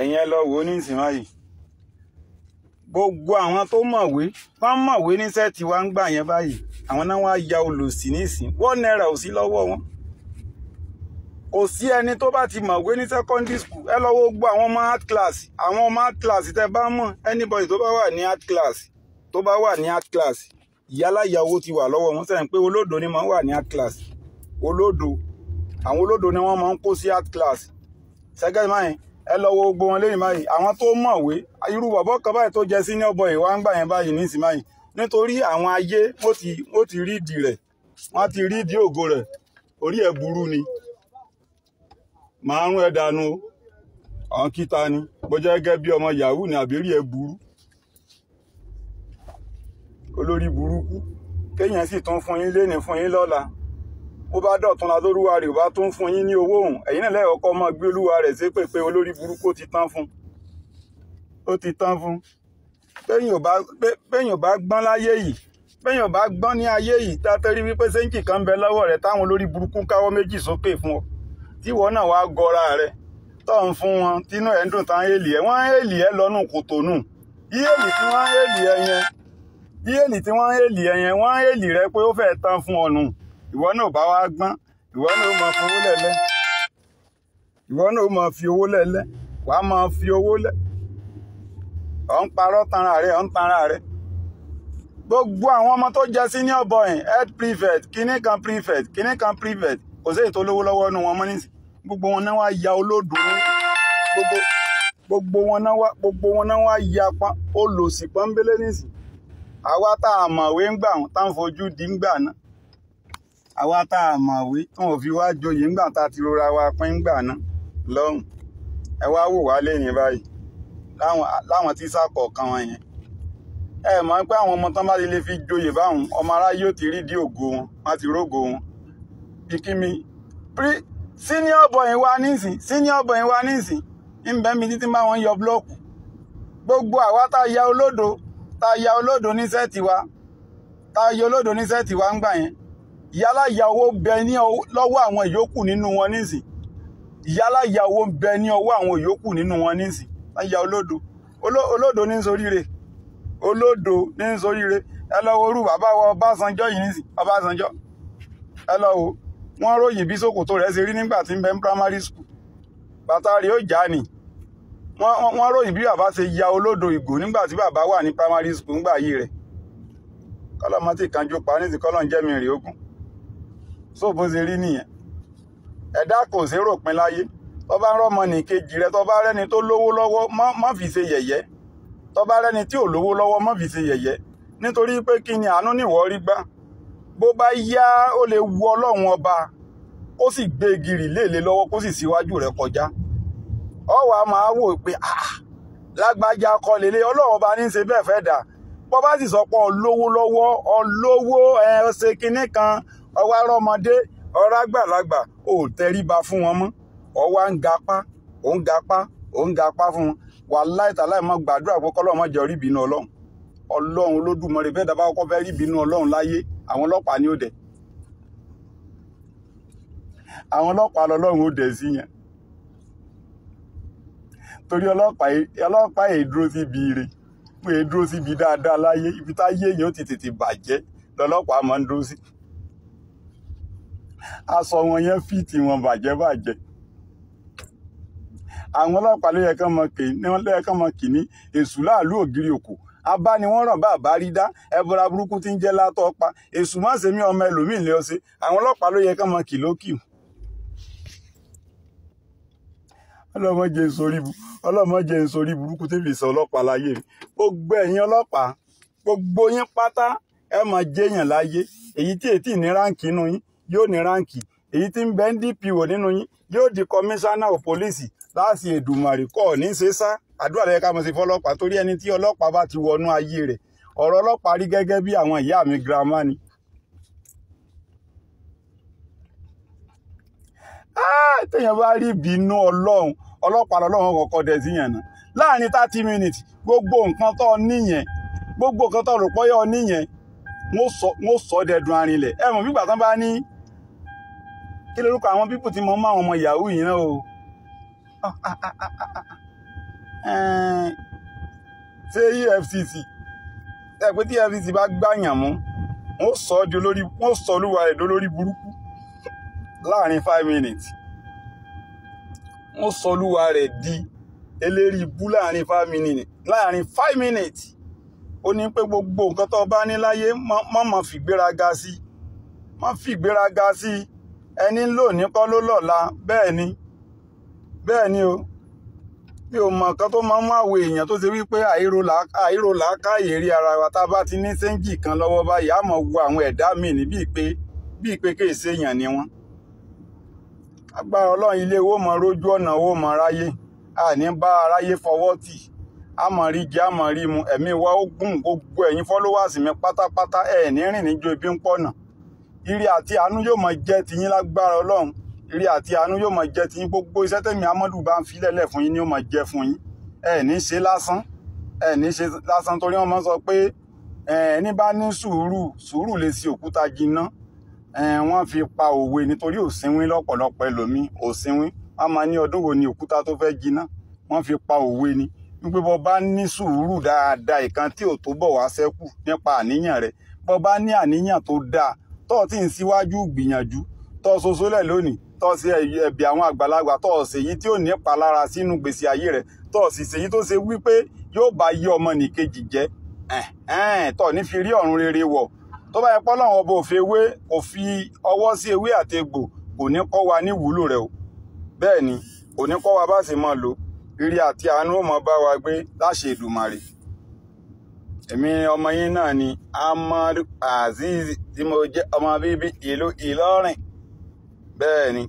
ẹ̀yin ẹ lọ wò ó ní ìsìn báyìí gbogbo àwọn tó mọ̀wé wọ́n mọ̀wé níṣẹ́ tí wọ́n ń gbà yẹn báyìí àwọn náà wá ya olòṣì nísìn wọ́n náírà ò sí lọ́wọ́ wọn kò sí ẹni tó bá ti mọ̀wé ní secondary school ẹ lọ́wọ́ gbọ́ àwọn ọmọ art class àwọn ọmọ art class tẹ bá mọ̀ anybody tó bá wà ní art class tó bá wà ní art class ìyálàyà owó ti wà lọ́wọ́ wọn sẹ́yìn pé olódo ni máa ń wà ní art class olódo àwọn olódo ni wọ́n máa ń kó sí art class ṣẹ́gẹ́ máa yẹn ẹ lọ wo gbogbo wọn lẹ́yìn báyìí àwọn tó mọ̀wé irú bọ̀bọ̀ kan báyìí tó jẹ senior boy wá ń gbà yẹn báyìí nísìnyí báyìí nítorí àwọn ayé wọ́n ti rí ìdí rẹ̀ wọ́n ti rí ìdí ògo rẹ̀ orí ẹ̀ burú ni márùn ẹ̀ dànù àwọn kíta ni bó jẹ́ gẹ́gẹ́ bí ọmọ yahoo ni àbí rí ẹ̀ burú olórí burúkú kéèyàn sì tún fún yín lénìí fún yín lọ́la bó bá dọ̀tún la tó lúwa rẹ̀ ò bá tún fún yín ní owó òun ẹ̀yin náà lẹ́yìn ọkọ máa gbé olúwa rẹ̀ sí pé pé olórí burúkú ó ti tán fún ó ti tán fún bẹ́yìn ò bá gbọ́n láyé yìí bẹ́yìn ò bá gbọ́n ní ayé yìí tá a tẹ́rí wípé sẹ́ńkì kan ń bẹ lọ́wọ́ rẹ̀ táwọn olórí burúkú káwọ́ méjì sókè fún ọ tíwọ́ náà wàá gọra rẹ̀ tọ́ ń fún wọn tínú ẹ̀ ń dùn tán èlì ẹ̀ wọ́n èlì ẹ̀ lọ́nù kòtònù yíyèlì tí wọ́n èlì ẹ̀ yẹn yíyèlì tí wọ́n èlì ẹ̀ yẹn wọ́n èlì rẹ̀ pé ó fẹ́ẹ́ tán fún ọ̀nù ìwọ náà bá wá gbọ́n ìwọ náà máa fi owó lẹ́lẹ́ ìwọ náà máa fi owó lẹ́lẹ́ wà á máa fi owó lẹ́ ọ̀ ń parọ́ tanra rẹ̀ ọ̀ ń tanra rẹ̀ gbogbo àwọn ọmọ tó jẹ senior boy head prefect kinní kan prefect kinní kan prefect kò sí èyí tó lówó lọ́wọ́ nínú wọn mọ́ nísìnyí gbogbo wọn náà wá ya olódò ní gbogbo gbogbo wọn náà wá gbogbo wọn náà wá ya pọn olòṣì pọ́nbélé nísìnyí àwa tá a mọ̀wé ń gbà tá ń fojú di ń gbà náà àwa tá a mọ̀wé tí wọ́n fi wá joyè ńgbà tá a ti rora wa pín ńgbà náà lọ́hùn ẹ wá wò wá lẹ́yìn báyìí láwọn tíṣà kọ̀ọ̀kan wọn yẹn ẹ mọ̀ pé àwọn ọmọ tán bá ti lè fi joyè báwọn ọmọ aráyé ò ti rí di ògo wọn wọn ti rógo wọn ìkíni senior boy wa nísìn senior boy wa nísìn ń bẹ́ mi títí máa wọ́n yọ búlọ́ọ̀kù gbogbo àwa tá a ya olódo tá a ya olódo ní sẹ́ẹ̀tì wa tá a ya olódo ní sẹ́ẹ̀tì wa ń gbà yẹn yálà ìyàwó ń bẹ ní lọ́wọ́ àwọn ìyókù nínú wọn nísìn yálà ìyàwó ń bẹ ní ọwọ́ àwọn ìyókù nínú wọn nísìn láyà olódo olódo ní soríire olódo ní soríire ẹ lọ orú bàbá wa Ọbásanjọ́ yìí nísìn Ọbásanjọ́ ẹ lọ wo wọ́n ròyìn bí ṣòkòtò rẹ̀ ṣe rí nígbà tí ń bẹ ní primary school bàtà rẹ̀ ó jà ní wọ́n ròyìn bí bàbá ṣe ya olódo ìgò nígbà tí bàbá wà ní primary school ńgbà yìí rẹ̀ kọ́lọ́mọ́tì kanjú pa nísìn kọ́lọ́ ń jẹ́mi rè ogun so bó ṣe rí nìyẹn ẹ̀dá kò ṣe rò pin láyé tó bá rọ́mọ nìkejì rẹ tó bá rẹ́ni tó lówó lọ́wọ́ má fi ṣe yẹ̀yẹ́ tó bá tí ò lówó lọ́wọ́ má fi ṣe yẹ̀yẹ́ nítorí pé kí ni àánú nìwọ́ rí gbá bó bá yá ó lè wu ọlọ́run ọba ó sì gbé gìrì léèlé lọ́wọ́ kó sì síwájú rẹ̀ kọjá ọwọ́ a máa wò pé lágbájá kọ ọlọ́run ọba ní í ṣe bẹ́ẹ̀ fẹ́ dà bọ́ sì sọ pé olówó lọ́wọ́ olówó ṣe kinní kan ọwọ́ ará ọmọdé ọ̀rọ̀ àgbàlagbà ò tẹríba fún wọn mọ́ ọwọ́ à ń gapá ò ń gapá ò ń gapá fún wọn wàláhì tàláhì mọ́ gbàdúrà pé kọ́lọ́ mọ́ jẹ́ orí ìbínú ọlọ́run ọlọ́run olódùmarè bẹ́ẹ̀ dábàá kọ́kọ́ fẹ́ rí ìbínú ọlọ́run láyé àwọn ọlọ́pàá ni ó dẹ̀ àwọn ọlọ́pàá lọ́lọ́run ó dẹ̀ sí yẹn torí ọlọ́pàá èyí dúró síbi ire pé èyí dúró síbi dáadáa láyé ibi táyé èyàn ó ti tètè bàjẹ́ lọ́lọ́pàá máa ń dúró sí aṣọ wọn yẹn fìtì wọn bàjẹ́ bàjẹ́ àwọn ọlọ́pàá ló yẹ kán mọ kì ní wọn ló yẹ kán mọ kì ní èṣù láàlú ògiri òkú abá ni wọ́n ràn bá àbá rí dá ẹbọra burúkú tí ń jẹ́ látọ̀ pa èṣù má ṣe mí ọmọ ẹlòmíì lé ọsẹ àwọn ọlọ́pàá ló yẹ kán mọ kì lókì ọlọ́mọ jẹ́ nsórí ọlọ́mọ jẹ́ nsórí burúkú tẹ́lẹ̀ sọ ọlọ́pàá láyé mi gbogbo ẹ̀yin ọlọ́pàá gbogbo yín pátá ẹ máa jẹ́yàn láyé èyí tí ètí ní ráǹkì inú yín yóò ní ráǹkì èyí tí ń bẹ ń DPO nínú yín yóò di kọmíṣánná ò pólísì láti Èdùmàrè kọ́ ní sẹ́sá àdúrà rẹ̀ ká mọ̀ sí fọlọ́pàá torí ẹni tí ọlọ́pàá bá ti wọnú ayé rẹ̀ ọ̀rọ̀ ọlọ́pàá rí gẹ́gẹ́ bí àwọn ìyá mi girama ni. Ah, téèyàn bá rí ìbínú ọlọ́run ọlọ́pàá lọ́lọ́run kọ̀ọ̀kan dẹ̀ sí yẹn náà láàrin thirty minutes gbogbo nǹkan tó níyẹn gbogbo nǹkan tó rò pọ́yọ́ níyẹn wọ́n sọ dẹ̀dùn arinlẹ̀ ẹ mọ̀ bí gbàtàn bá ní kí lórúkọ àwọn pípù tí mo mọ àwọn ọmọ yahoo yìí náà o eh, ṣé EFCC ẹ pé tí EFCC bá gbàyàn mú wọn sọ ọ di olórí wọn sọ olúwa rẹ̀ dolórí burúkú láàrin five minutes wọn sọ olúwa rẹ̀ di eléri ibú láàrin five minutes láàrin five minutes ó ní pé gbogbo nǹkan tó bá ní láyé má má fi ìgbéraga sí má fi ìgbéraga sí i. ẹni ń lò ní kọ́ ló lọ́la bẹ́ẹ̀ ni bẹ́ẹ̀ ni o mi ò mọ̀ nǹkan tó máa ń mú èèyàn tó ṣe wípé àìrò làákà rí ara wa tá a bá ti ní séńjì kan lọ́wọ́ báyìí àmọ́ wo àwọn ẹ̀dá míì ní bíi pé bíi pé kì í ṣèèyàn ni wọ́n agbára ọlọ́run ilé owó mọ rójú ọ̀nà owó mọ ráyé àní bá aráyé fọwọ́ tì àmọ́ rí jẹ́ àmọ́ rí mu ẹ̀mí wa ó gùn gbogbo ẹ̀yìn fọ́lọ́wàsì mi pátápátá ẹ̀ ní rìn níjó ibi ń pọ̀nà ire àti àánú yóò máa jẹ́ tiyín lágbára ọlọ́run ire àti àánú yóò máa jẹ́ tiyín gbogbo iṣẹ́ tẹ̀mí amadu bá ń filẹ̀lẹ̀ fún yín ni ó máa jẹ́ fún yín ẹ ní ṣe lásán ẹ ní ṣe lásán torí wọn máa sọ pé ẹni bá ní sùúrù sùúrù lè ṣe òkúta jiná wọ́n fi pa òwe nítorí òsínwín lọ́pọ̀lọpọ̀ ẹlòmíín òsínwín wọ́n máa ní ọdún wo ni òkúta tó fẹ́ jiná wọ́n fi pa òwe ni wípé bó bá ní sùúrù dáadáa ìkan tí ò tó bọ̀ wá ṣẹ́kù nípa àníyàn rẹ bó bá ní àníyàn tó dáa tó ti ń síwájú gbìyànjú tó ṣoṣo lẹ̀ lónìí tó ṣe ẹ̀bì àwọn àgbàlagbà tó ṣèyí tí ò ní palára sínú gbèsè ayé rẹ̀ tó sì ṣèyí tó ṣe wípé yóò bá yí ọmọ nìkejì jẹ́ tó ní fi rí ọ̀run rere wọ̀ tó bá yẹ pọ́ lọ́wọ́ ọba òfin ewé kò fi ọwọ́ sí ewé àti egbò kò ní kọ́ wa ní ìwúlò rẹ̀ o bẹ́ẹ̀ ni kò ní kọ́ wa bá ṣe mọ́ lò rírí àti àánú mọ́ bá wa gbé láṣẹ Èdùmàrè èmi ọmọ yín náà ni Amadu Azeez tí mo jẹ́ ọmọ bíbí ìlú Ìlọrin bẹ́ẹ̀ ni.